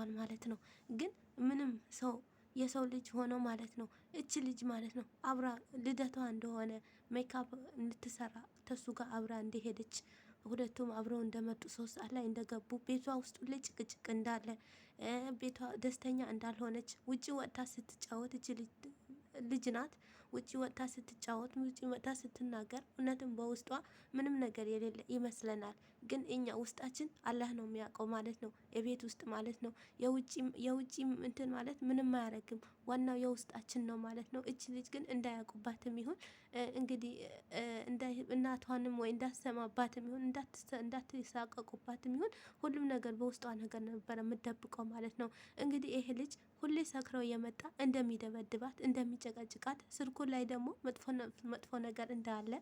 ተገናኝተዋል ማለት ነው። ግን ምንም ሰው የሰው ልጅ ሆኖ ማለት ነው። እች ልጅ ማለት ነው አብራ ልደቷ እንደሆነ ሜካፕ እንድትሰራ ተሱ ጋር አብራ እንደሄደች ሁለቱም አብረው እንደመጡ ሶስት ሰዓት ላይ እንደገቡ ቤቷ ውስጥ ሁሌ ጭቅጭቅ እንዳለ ቤቷ ደስተኛ እንዳልሆነች ውጪ ወጥታ ስትጫወት እች ልጅ ናት። ውጪ ወጥታ ስትጫወት፣ ውጪ ወጥታ ስትናገር እውነትም በውስጧ ምንም ነገር የሌለ ይመስለናል። ግን እኛ ውስጣችን አላህ ነው የሚያውቀው ማለት ነው። የቤት ውስጥ ማለት ነው። የውጭ እንትን ማለት ምንም አያደርግም። ዋናው የውስጣችን ነው ማለት ነው። እች ልጅ ግን እንዳያውቁባትም ይሁን እንግዲህ እናቷንም ወይ እንዳትሰማባትም ይሁን እንዳትሳቀቁባትም ይሁን ሁሉም ነገር በውስጧ ነገር ነበረ የምደብቀው ማለት ነው። እንግዲህ ይሄ ልጅ ሁሌ ሰክረው የመጣ እንደሚደበድባት እንደሚጨቀጭቃት ስልኩ ላይ ደግሞ መጥፎ ነገር እንዳለ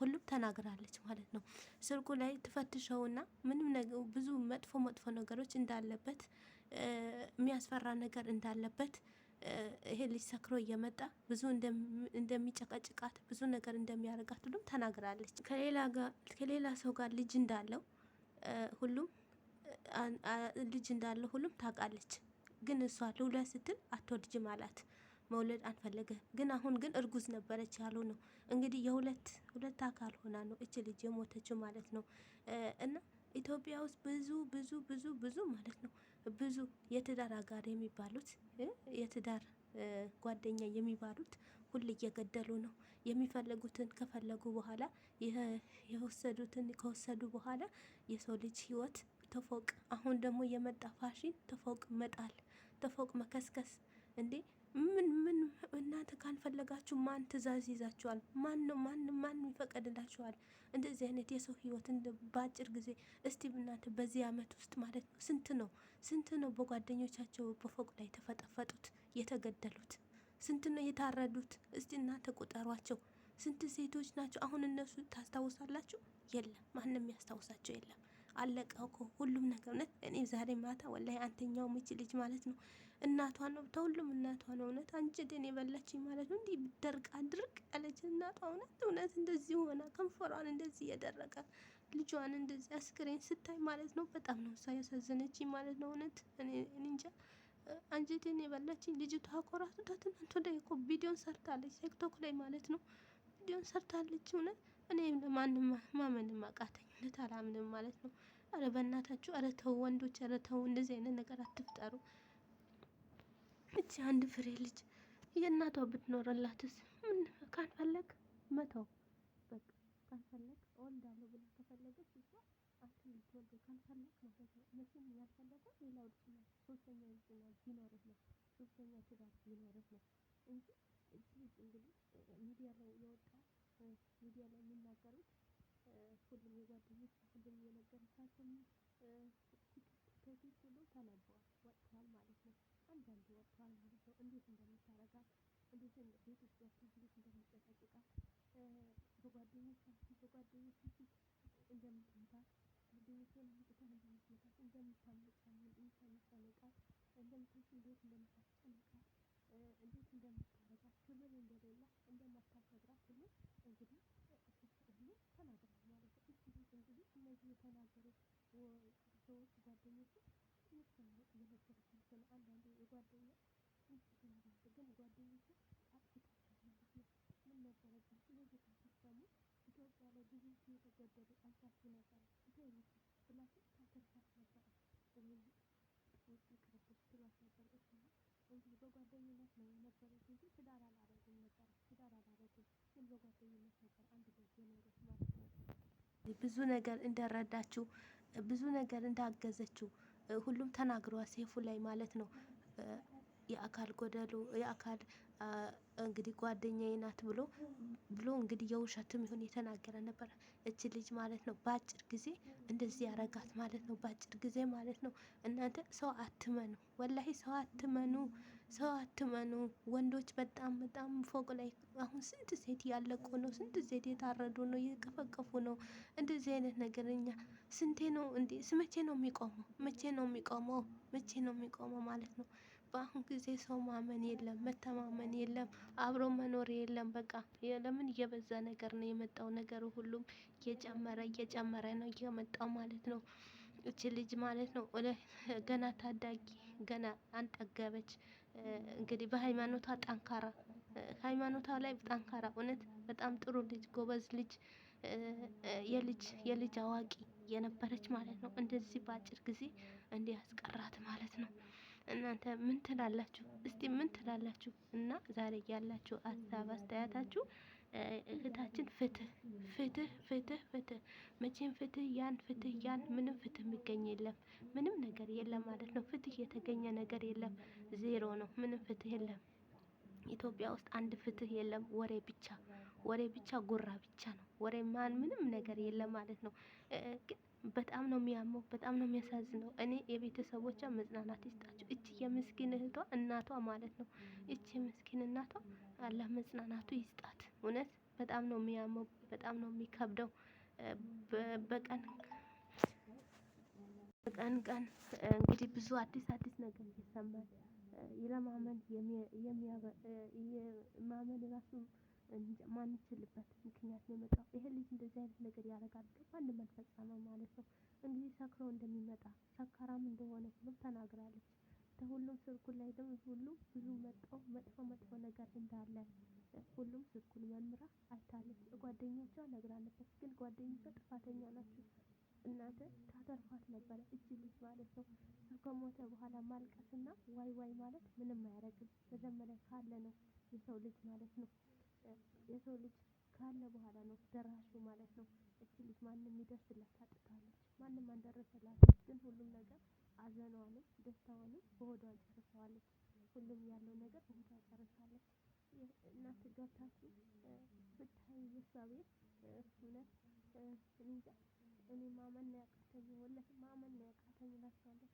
ሁሉም ተናግራለች ማለት ነው። ስልኩ ላይ ትፈትሸው ተውና ምንም ብዙ መጥፎ መጥፎ ነገሮች እንዳለበት የሚያስፈራ ነገር እንዳለበት ይሄ ልጅ ሰክሮ እየመጣ ብዙ እንደሚጨቀጭቃት ብዙ ነገር እንደሚያደርጋት ሁሉም ተናግራለች። ከሌላ ሰው ጋር ልጅ እንዳለው ሁሉም ልጅ እንዳለው ሁሉም ታውቃለች። ግን እሷ ልውለድ ስትል አቶ አላት። መውለድ አንፈለገ ግን አሁን ግን እርጉዝ ነበረች ያሉ ነው እንግዲህ የሁለት ሁለት አካል ሆና ነው እች ልጅ የሞተችው ማለት ነው። እና ኢትዮጵያ ውስጥ ብዙ ብዙ ብዙ ብዙ ማለት ነው ብዙ የትዳር አጋር የሚባሉት የትዳር ጓደኛ የሚባሉት ሁል እየገደሉ ነው የሚፈለጉትን ከፈለጉ በኋላ የወሰዱትን ከወሰዱ በኋላ የሰው ልጅ ህይወት ተፎቅ አሁን ደግሞ የመጣ ፋሽን ተፎቅ መጣል፣ ተፎቅ መከስከስ እንዴ ምን ምን እናንተ ካልፈለጋችሁ ማን ትእዛዝ ይዛችኋል? ማን ነው ማን ማን ይፈቀድላችኋል? እንደዚህ አይነት የሰው ህይወት በአጭር ጊዜ እስቲ እናንተ በዚህ አመት ውስጥ ማለት ነው ስንት ነው ስንት ነው በጓደኞቻቸው በፎቅ ላይ የተፈጠፈጡት የተገደሉት? ስንት ነው የታረዱት? እስቲ እናንተ ቁጠሯቸው። ስንት ሴቶች ናቸው? አሁን እነሱ ታስታውሳላችሁ? የለም ማንም ያስታውሳቸው የለም። አለቀው እኮ ሁሉም ነገር እውነት። እኔ ዛሬ ማታ ወላሂ አንተኛው ምች ልጅ ማለት ነው እናቷ ነው ተሁሉም እናቷ ነው እውነት። አንቺ ደን የበላችኝ ማለት ነው። እንዲህ ብደርቅ ድርቅ ያለች እናቷ እውነት እውነት እንደዚህ ሆና ከንፈሯን እንደዚህ እየደረቀ ልጇን እንደዚህ አስክሬን ስታይ ማለት ነው በጣም ነው እሷ ያሳዘነች ማለት ነው እውነት። እኔ እንጃ አንጀቴን የበላችኝ ልጅቷ እኮ ራሱ ትናንት ወዲያ እኮ ቪዲዮን ሰርታለች ቲክቶክ ላይ ማለት ነው ቪዲዮን ሰርታለች እውነት። እኔ ለማንም ማመንም አቃተኝ። እውነት አላምንም ማለት ነው። አረ በእናታችሁ፣ አረ ተው ወንዶች፣ አረ ተው እንደዚህ አይነት ነገር አትፍጠሩ። እቺ አንድ ፍሬ ልጅ የእናቷ ብትኖረላትስ ምን ካልፈለግ መተው በቃ ካልፈለግ እወልዳለሁ ብላ ከፈለገች እሷ አትወልድ ካልፈለግ ማለት ነው። መቼም ያልፈለገ ሌላ ውድና ሶስተኛ ውድና ቢኖርህ ነው ሶስተኛ ትዳር ቢኖርህ ነው እንጂ እቺ ልጅ እንግዲህ ሚዲያ ላይ የወጣ ሚዲያ ላይ የሚናገሩት ሁሉም የጓደኞች ሁሉም የነገርኳቸው ከፊት ሁሉ ተነበዋል ወጥተዋል ማለት ነው። አንዳንዱ ወጥተዋል ማለት ነው። እንዴት እንደምታረጋት እንዴት ቤት ውስጥ ወጥታ እንዴት እንደምትጨቀጭቃት በጓደኞች በጓደኞች ፊት እንደምትመታት ጓደኞችን አምጥተን እንደምትመታት እንደምታመጣመጣት እንደሌላ ሰዎች ጓደኞች ትምህርት እየመከሩት ነበረ። አንዳንዴ የጓደኛ ግን ምን ኢትዮጵያ ላይ ብዙ የተገደሉ ነበረ። እግዚአብሔር ብላችሁ ታተርፋት ነበረ ነበር። በጓደኝነት ነው የነበሩት እንጂ ትዳር አላረጉም ነበረ። ትዳር አላረጉም ግን በጓደኝነት ነበር አንድ ላይ የኖሩት ማለት ነው። ብዙ ነገር እንደረዳችሁ ብዙ ነገር እንዳገዘችው ሁሉም ተናግሯ ሴፉ ላይ ማለት ነው። የአካል ጎደሉ የአካል እንግዲህ ጓደኛዬ ናት ብሎ ብሎ እንግዲህ የውሸትም ይሁን የተናገረ ነበረ። እች ልጅ ማለት ነው በአጭር ጊዜ እንደዚህ ያረጋት ማለት ነው። በአጭር ጊዜ ማለት ነው። እናንተ ሰው አትመኑ፣ ወላሂ ሰው አትመኑ። ሰው አትመኑ። ወንዶች በጣም በጣም ፎቅ ላይ አሁን ስንት ሴት እያለቁ ነው፣ ስንት ሴት የታረዱ ነው፣ እየቀፈቀፉ ነው። እንደዚህ አይነት ነገር እኛ ስንቴ ነው እንዴ? ስመቼ ነው የሚቆመው? መቼ ነው የሚቆመው? መቼ ነው የሚቆመው ማለት ነው። በአሁን ጊዜ ሰው ማመን የለም፣ መተማመን የለም፣ አብሮ መኖር የለም። በቃ ለምን እየበዛ ነገር ነው የመጣው ነገር ሁሉም እየጨመረ እየጨመረ ነው እየመጣው ማለት ነው። እች ልጅ ማለት ነው ገና ታዳጊ ገና አንጠገበች። እንግዲህ በሃይማኖቷ ጠንካራ ሃይማኖቷ ላይ ጠንካራ እውነት በጣም ጥሩ ልጅ ጎበዝ ልጅ የልጅ የልጅ አዋቂ የነበረች ማለት ነው። እንደዚህ በአጭር ጊዜ እንዲያስቀራት ያስቀራት ማለት ነው። እናንተ ምን ትላላችሁ? እስቲ ምን ትላላችሁ? እና ዛሬ ያላችሁ ሀሳብ አስተያየታችሁ እህታችን ፍትህ ፍትህ ፍትህ ፍትህ መቼም ፍትህ ያን ፍትህ ያን ምንም ፍትህ የሚገኝ የለም፣ ምንም ነገር የለም ማለት ነው። ፍትህ የተገኘ ነገር የለም፣ ዜሮ ነው። ምንም ፍትህ የለም። ኢትዮጵያ ውስጥ አንድ ፍትህ የለም። ወሬ ብቻ፣ ወሬ ብቻ፣ ጉራ ብቻ ነው። ወሬ ማን ምንም ነገር የለም ማለት ነው ግን በጣም ነው የሚያመው። በጣም ነው የሚያሳዝነው። እኔ የቤተሰቦቿ መጽናናት ይስጣቸው። እች የምስኪን እህቷ እናቷ ማለት ነው። እች የምስኪን እናቷ አላህ መጽናናቱ ይስጣት። እውነት በጣም ነው የሚያመው። በጣም ነው የሚከብደው። በቀን በቀን ቀን እንግዲህ ብዙ አዲስ አዲስ ነገር ይሰማል። ለማመን የማመን ራሱ ማንችልበት ምክንያት ነው የመጣው። ይሄ ልጅ እንደዚህ አይነት ነገር ያደርጋል ብሎ ማንም አልፈጸመም ማለት ነው። እንግዲህ ሰክሮ እንደሚመጣ ሰካራም እንደሆነ ሁሉም ተናግራለች። ከሁሉም ስልኩ ላይ ደግሞ ሁሉም ብዙ መጥፎ መጥፎ ነገር እንዳለ ሁሉም ስልኩን መምራ አይታለች። ጓደኞቿ ነግራለች። ግን ጓደኞቿ ጥፋተኛ ናቸው። እናንተ ታተርፏት ነበረ እጅ ልጅ ማለት ነው። ከሞተ በኋላ ማልቀስና ዋይ ዋይ ማለት ምንም አያደርግም። መጀመሪያ ካለ ነው የሰው ልጅ ማለት ነው። የሰው ልጅ ካለ በኋላ ነው ደራሹ ማለት ነው። እቺ ልጅ ማንም የሚደርስላት ታጥታለች። ማንም አልደረሰላትም፣ ግን ሁሉም ነገር አዘኗንም ደስታዋንም በሆዷ ጨርሰዋለች። ሁሉም ያለው ነገር በሆዷ ጨርሳለች። እናት ገብታችሁ ብታይ የሷ ቤት እውነት እንጃ እኔ ማመን ነው ያቃተኝ፣ ወላሂ ማመን ነው ያቃተኝ እላቸዋለሁ።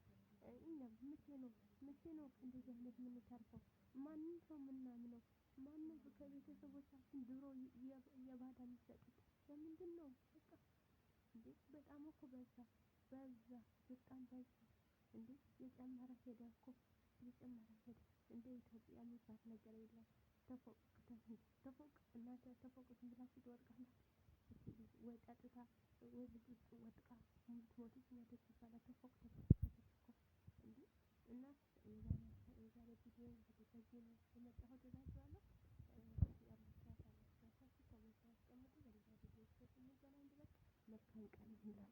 እኛም መቼ ነው መቼ ነው እንደዚህ አይነት የምንተርፈው? ማንም ሰው የምናምነው ማነው ከቤተሰቦቻችን ድሮ የባዳ የሚሰጡት? ለምንድን ነው በቃ እንዴ? በጣም እኮ በዛ በዛ በጣም በዛ እንዴ! የጨመረ ሄደ እኮ የጨመረ ሄደ። እንደ ኢትዮጵያ የሚባል ነገር የለም። ተፎቅ ተፎቅ እናንተ ተፎቅ ዝም ብላችሁ ትወድቃላችሁ። ወይ ጠጥታ ወይ ያስጠንቀን ይላል።